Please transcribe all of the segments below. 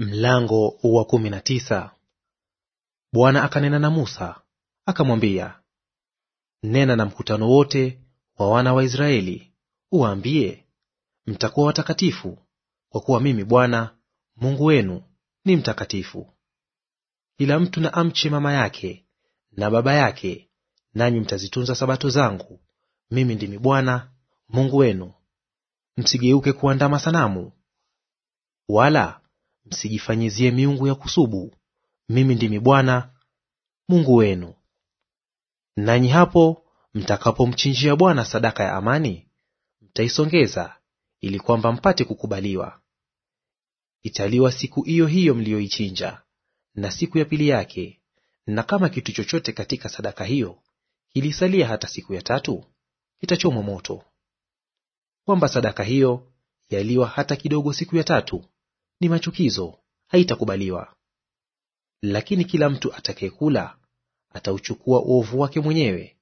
Mlango wa kumi na tisa. Bwana akanena na Musa akamwambia, nena na mkutano wote wa wana wa Israeli uwaambie, mtakuwa watakatifu, kwa kuwa mimi Bwana Mungu wenu ni mtakatifu. Kila mtu na amche mama yake na baba yake, nanyi mtazitunza sabato zangu. Mimi ndimi Bwana Mungu wenu. Msigeuke kuandama sanamu wala msijifanyizie miungu ya kusubu; mimi ndimi Bwana Mungu wenu. Nanyi hapo mtakapomchinjia Bwana sadaka ya amani, mtaisongeza ili kwamba mpate kukubaliwa. Italiwa siku iyo hiyo mliyoichinja, na siku ya pili yake; na kama kitu chochote katika sadaka hiyo kilisalia hata siku ya tatu, kitachomwa moto; kwamba sadaka hiyo yaliwa hata kidogo siku ya tatu ni machukizo, haitakubaliwa. Lakini kila mtu atakayekula atauchukua uovu wake mwenyewe,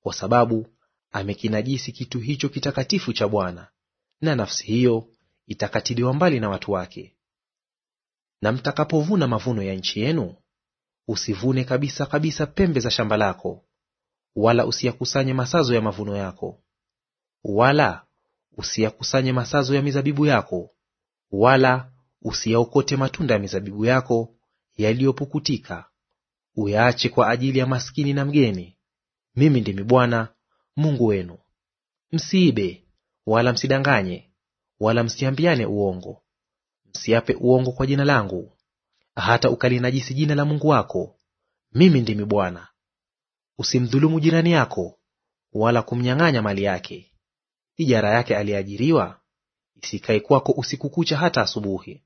kwa sababu amekinajisi kitu hicho kitakatifu cha Bwana, na nafsi hiyo itakatiliwa mbali na watu wake. Na mtakapovuna mavuno ya nchi yenu, usivune kabisa kabisa pembe za shamba lako, wala usiyakusanye masazo ya mavuno yako, wala usiyakusanye masazo ya mizabibu yako, wala Usiyaokote matunda ya mizabibu yako yaliyopukutika, uyaache kwa ajili ya maskini na mgeni. Mimi ndimi Bwana Mungu wenu. Msiibe wala msidanganye wala msiambiane uongo. Msiape uongo kwa jina langu, hata ukalinajisi jina la Mungu wako. Mimi ndimi Bwana. Usimdhulumu jirani yako wala kumnyang'anya mali yake. Ijara yake aliyeajiriwa isikae kwako usiku kucha hata asubuhi.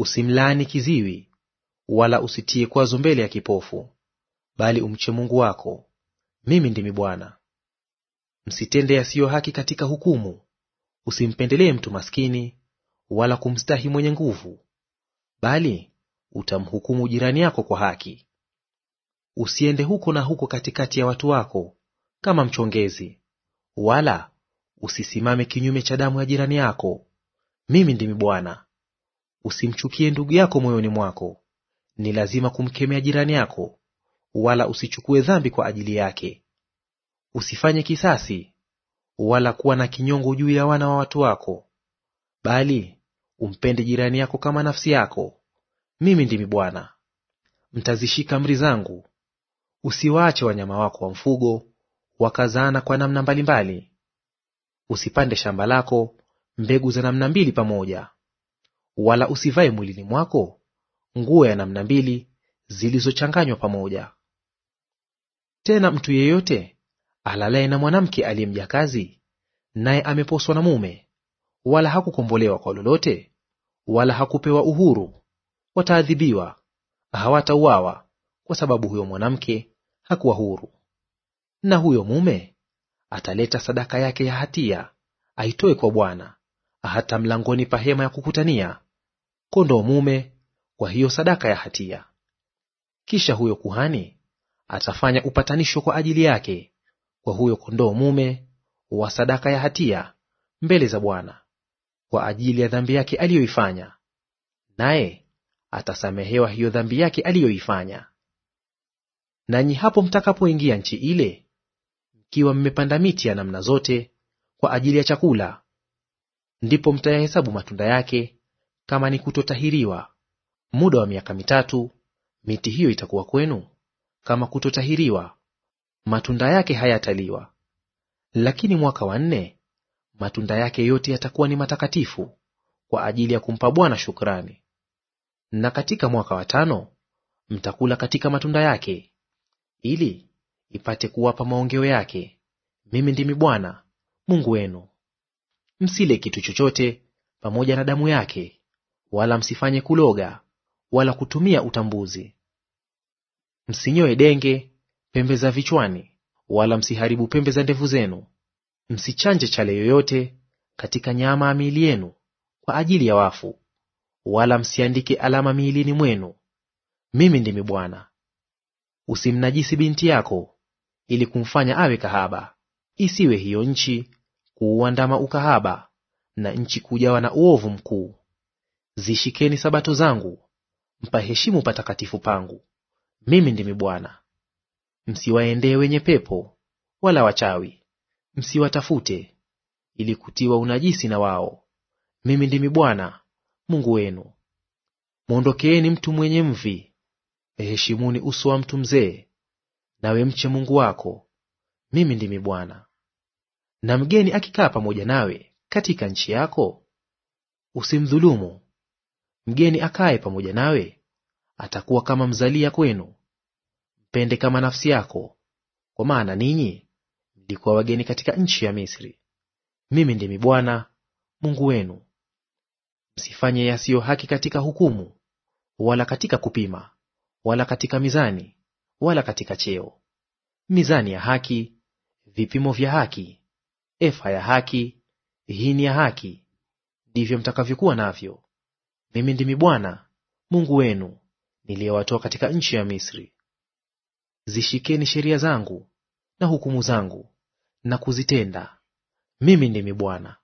Usimlaani kiziwi, wala usitie kwazo mbele ya kipofu, bali umche Mungu wako. Mimi ndimi Bwana. Msitende yasiyo haki katika hukumu, usimpendelee mtu maskini, wala kumstahi mwenye nguvu, bali utamhukumu jirani yako kwa haki. Usiende huko na huko katikati ya watu wako kama mchongezi, wala usisimame kinyume cha damu ya jirani yako. Mimi ndimi Bwana. Usimchukie ndugu yako moyoni mwako. Ni lazima kumkemea jirani yako, wala usichukue dhambi kwa ajili yake. Usifanye kisasi, wala kuwa na kinyongo juu ya wana wa watu wako, bali umpende jirani yako kama nafsi yako. Mimi ndimi Bwana. Mtazishika amri zangu. Usiwaache wanyama wako wa mfugo wakazaana kwa namna mbalimbali. Usipande shamba lako mbegu za namna mbili pamoja, wala usivae mwilini mwako nguo ya namna mbili zilizochanganywa pamoja. Tena mtu yeyote alalaye na mwanamke aliye mjakazi, naye ameposwa na mume, wala hakukombolewa kwa lolote, wala hakupewa uhuru, wataadhibiwa; hawatauawa, kwa sababu huyo mwanamke hakuwa huru. Na huyo mume ataleta sadaka yake ya hatia aitoe kwa Bwana hata mlangoni pa hema ya kukutania kondoo mume kwa hiyo sadaka ya hatia. Kisha huyo kuhani atafanya upatanisho kwa ajili yake kwa huyo kondoo mume wa sadaka ya hatia mbele za Bwana kwa ajili ya dhambi yake aliyoifanya, naye atasamehewa hiyo dhambi yake aliyoifanya. Nanyi hapo mtakapoingia nchi ile, mkiwa mmepanda miti ya namna zote kwa ajili ya chakula, ndipo mtayahesabu matunda yake kama ni kutotahiriwa muda wa miaka mitatu, miti hiyo itakuwa kwenu kama kutotahiriwa, matunda yake hayataliwa. Lakini mwaka wa nne matunda yake yote yatakuwa ni matakatifu kwa ajili ya kumpa Bwana shukrani. Na katika mwaka wa tano mtakula katika matunda yake, ili ipate kuwapa maongeo yake. Mimi ndimi Bwana Mungu wenu. Msile kitu chochote pamoja na damu yake wala msifanye kuloga wala kutumia utambuzi. Msinyoe denge pembe za vichwani, wala msiharibu pembe za ndevu zenu. Msichanje chale yoyote katika nyama ya miili yenu kwa ajili ya wafu, wala msiandike alama miilini mwenu. Mimi ndimi Bwana. Usimnajisi binti yako ili kumfanya awe kahaba, isiwe hiyo nchi kuuandama ukahaba na nchi kujawa na uovu mkuu. Zishikeni sabato zangu, mpaheshimu patakatifu pangu. Mimi ndimi Bwana. Msiwaendee wenye pepo wala wachawi, msiwatafute ili kutiwa unajisi na wao. Mimi ndimi Bwana Mungu wenu. Mwondokeeni mtu mwenye mvi, heshimuni uso wa mtu mzee, nawe mche Mungu wako. Mimi ndimi Bwana. Na mgeni akikaa pamoja nawe katika nchi yako, usimdhulumu Mgeni akaye pamoja nawe atakuwa kama mzalia kwenu. Mpende kama nafsi yako, kwa maana ninyi mlikuwa wageni katika nchi ya Misri. Mimi ndimi Bwana Mungu wenu. Msifanye yasiyo haki katika hukumu, wala katika kupima, wala katika mizani, wala katika cheo. Mizani ya haki, vipimo vya haki, efa ya haki, hini ya haki, ndivyo mtakavyokuwa navyo. Mimi ndimi Bwana Mungu wenu niliyewatoa katika nchi ya Misri. Zishikeni sheria zangu na hukumu zangu na kuzitenda. Mimi ndimi Bwana.